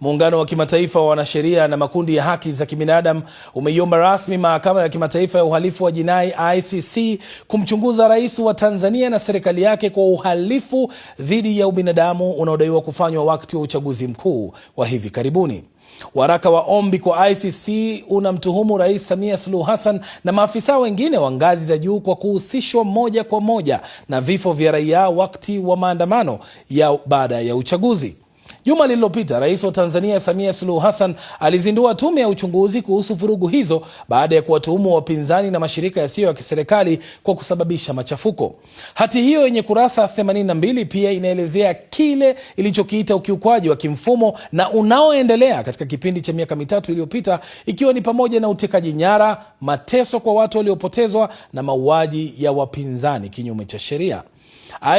Muungano wa kimataifa wa wanasheria na makundi ya haki za kibinadamu umeiomba rasmi mahakama ya kimataifa ya uhalifu wa jinai ICC kumchunguza rais wa Tanzania na serikali yake kwa uhalifu dhidi ya ubinadamu unaodaiwa kufanywa wakati wa uchaguzi mkuu wa hivi karibuni. Waraka wa ombi kwa ICC unamtuhumu Rais Samia Suluhu Hassan na maafisa wengine wa ngazi za juu kwa kuhusishwa moja kwa moja na vifo vya raia wakati wa maandamano ya baada ya uchaguzi. Juma lililopita Rais wa Tanzania Samia Suluhu Hassan alizindua tume ya uchunguzi kuhusu vurugu hizo baada ya kuwatuhumu wapinzani na mashirika yasiyo ya kiserikali kwa kusababisha machafuko. Hati hiyo yenye kurasa 82 pia inaelezea kile ilichokiita ukiukwaji wa kimfumo na unaoendelea katika kipindi cha miaka mitatu iliyopita, ikiwa ni pamoja na utekaji nyara, mateso kwa watu waliopotezwa na mauaji ya wapinzani kinyume cha sheria.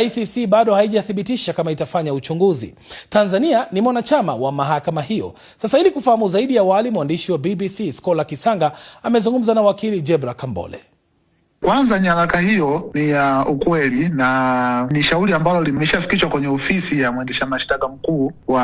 ICC bado haijathibitisha kama itafanya uchunguzi. Tanzania ni mwanachama wa mahakama hiyo. Sasa ili kufahamu zaidi, ya wali mwandishi wa BBC Scola Kisanga amezungumza na wakili Jebra Kambole. Kwanza, nyaraka hiyo ni ya uh, ukweli na ni shauri ambalo limeshafikishwa kwenye ofisi ya mwendesha mashtaka mkuu wa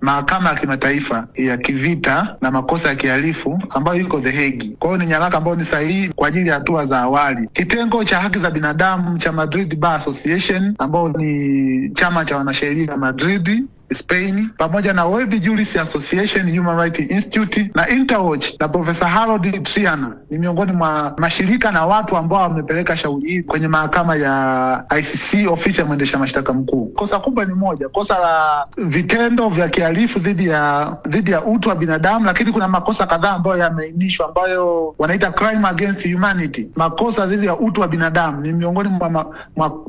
mahakama ya kimataifa ya kivita na makosa ya kihalifu ambayo iko The Hague. Kwa hiyo ni nyaraka ambayo ni sahihi kwa ajili ya hatua za awali. Kitengo cha haki za binadamu cha Madrid Bar Association ambao ni chama cha wanasheria Madrid Spain pamoja na World Jurist Association Human Rights Institute na Interwatch na Profesa Harold Triana ni miongoni mwa mashirika na watu ambao wamepeleka shauri hili kwenye mahakama ya ICC, ofisi ya mwendesha mashtaka mkuu. Kosa kubwa ni moja, kosa la vitendo vya kihalifu dhidi ya dhidi ya utu wa binadamu, lakini kuna makosa kadhaa ambayo yameainishwa ambayo wanaita crime against humanity. Makosa dhidi ya utu wa binadamu ni miongoni mwa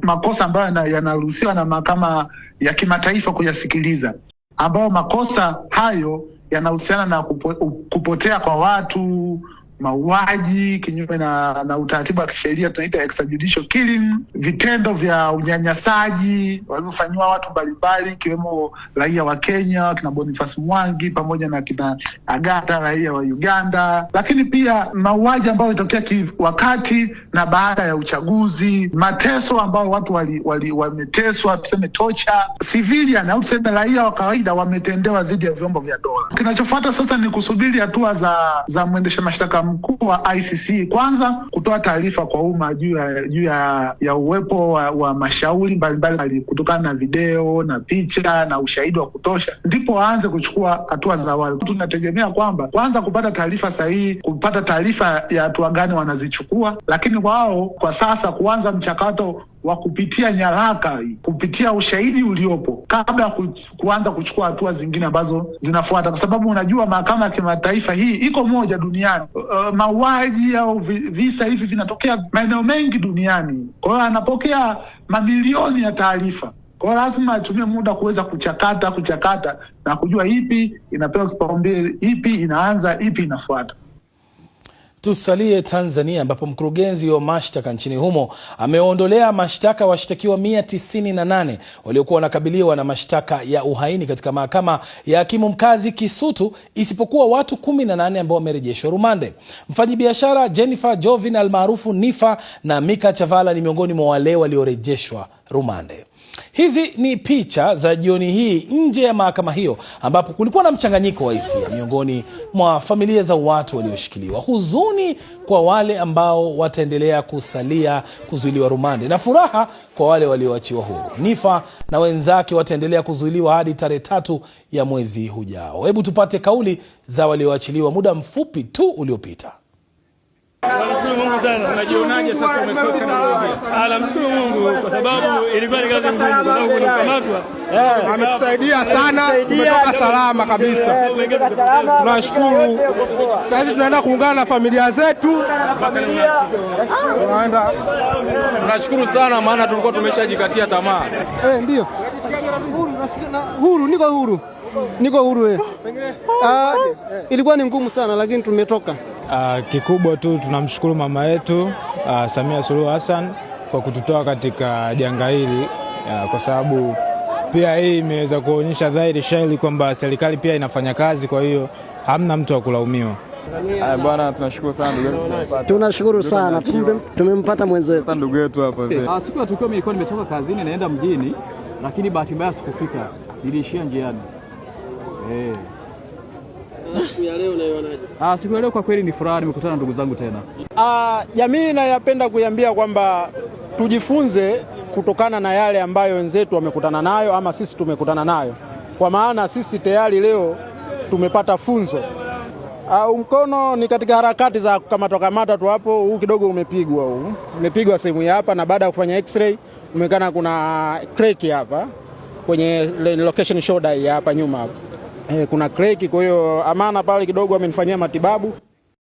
makosa ambayo yanaruhusiwa na mahakama ya kimataifa kuyasikiliza kuuliza, ambao makosa hayo yanahusiana na kupo, kupotea kwa watu mauaji kinyume na, na utaratibu wa kisheria tunaita extrajudicial killing, vitendo vya unyanyasaji walivyofanyiwa watu mbalimbali ikiwemo raia wa Kenya kina Boniface Mwangi pamoja na kina Agata raia wa Uganda, lakini pia mauaji ambayo yalitokea wakati na baada ya uchaguzi, mateso ambao watu wameteswa, wali, wali, tuseme tocha civilian au tuseme raia wa kawaida wametendewa dhidi ya vyombo vya dola. Kinachofuata sasa ni kusubiri hatua za, za mwendesha mashtaka mkuu wa ICC kwanza kutoa taarifa kwa umma juu ya juu ya, ya uwepo wa, wa mashauri mbalimbali kutokana na video na picha na ushahidi wa kutosha, ndipo waanze kuchukua hatua za awali. Tunategemea kwamba kwanza kupata taarifa sahihi, kupata taarifa ya hatua gani wanazichukua, lakini wao kwa sasa kuanza mchakato wa kupitia nyaraka, kupitia ushahidi uliopo kabla ku, kuanza kuchukua hatua zingine ambazo zinafuata, kwa sababu unajua mahakama ya kimataifa hii iko moja duniani. Uh, mauaji au visa hivi vinatokea maeneo mengi duniani, kwa hiyo anapokea mamilioni ya taarifa kwa lazima atumie muda kuweza kuchakata kuchakata na kujua ipi inapewa kipaumbele, ipi inaanza, ipi inafuata. Tusalie Tanzania ambapo mkurugenzi wa mashtaka nchini humo ameondolea mashtaka washtakiwa 198 waliokuwa wanakabiliwa na mashtaka ya uhaini katika mahakama ya hakimu mkazi Kisutu isipokuwa watu 18 ambao wamerejeshwa rumande. mfanyibiashara Jennifer Jovin almaarufu Nifa na Mika Chavala ni miongoni mwa wale waliorejeshwa rumande. Hizi ni picha za jioni hii nje ya mahakama hiyo ambapo kulikuwa na mchanganyiko wa hisia miongoni mwa familia za watu walioshikiliwa, huzuni kwa wale ambao wataendelea kusalia kuzuiliwa rumande na furaha kwa wale walioachiwa huru. Nifa na wenzake wataendelea kuzuiliwa hadi tarehe tatu ya mwezi hujao. Hebu tupate kauli za walioachiliwa muda mfupi tu uliopita. Namshukuru Mungu sana. Unajionaje sasa umetoka Ah, namshukuru Mungu kwa sababu ilikuwa ni kazi ngumu kwa sababu eh, ametusaidia sana. Tumetoka salama kabisa. Tunashukuru. Sasa tunaenda kuungana na familia zetu. Tunashukuru sana maana tulikuwa tumeshajikatia tamaa. Eh, ndio. Huru, niko huru. Niko huru wewe. Eh. Ah, ilikuwa ni ngumu sana lakini tumetoka. Uh, kikubwa tu tunamshukuru mama yetu uh, Samia Suluhu Hassan kwa kututoa katika janga hili uh, kwa sababu pia hii imeweza kuonyesha dhahiri shahiri kwamba serikali pia inafanya kazi, kwa hiyo hamna mtu wa kulaumiwa. Bwana, tunashukuru sana tunashukuru sana tumempata mwenzetu ndugu yetu hapa. Siku ya tukio nilikuwa nimetoka kazini naenda mjini, lakini bahati mbaya sikufika, niliishia njiani eh ya leo unaionaje? Ah, siku ya leo kwa kweli ni furaha, nimekutana ndugu zangu tena. Ah, jamii nayapenda kuiambia kwamba tujifunze kutokana na yale ambayo wenzetu wamekutana nayo ama sisi tumekutana nayo, kwa maana sisi tayari leo tumepata funzo. Uh, mkono ni katika harakati za kukamata kamata tu hapo, huu kidogo umepigwa, huu umepigwa sehemu ya hapa, na baada ya kufanya x-ray umekana kuna crack hapa kwenye location shoulder hapa nyuma hapa eh, kuna kreki, kwa hiyo Amana pale kidogo amenifanyia matibabu.